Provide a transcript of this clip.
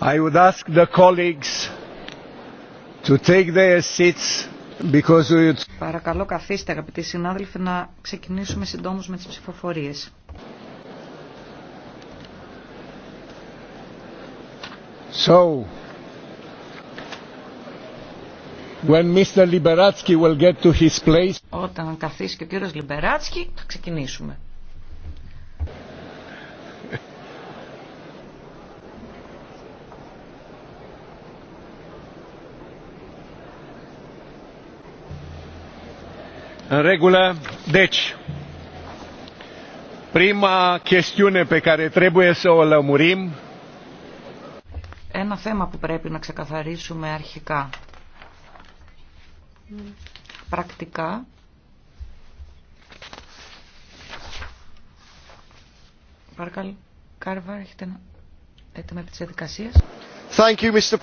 I would ask the colleagues to take their seats because we... would... Παρακαλώ καθίστε αγαπητοί συνάδελφοι να ξεκινήσουμε συντόμως με τις ψηφοφορίες. So, when Mr. Liberatsky will get to his place... Όταν καθίσει και ο κύριος Λιμπεράτσκι θα ξεκινήσουμε. În regulă. Deci, prima chestiune pe care trebuie să o lămurim ένα θέμα που πρέπει να ξεκαθαρίσουμε αρχικά. Πρακτικά, παρακαλώ, Κάρβα, έχετε να έτοιμα επί της διαδικασίας. Thank you, Mr.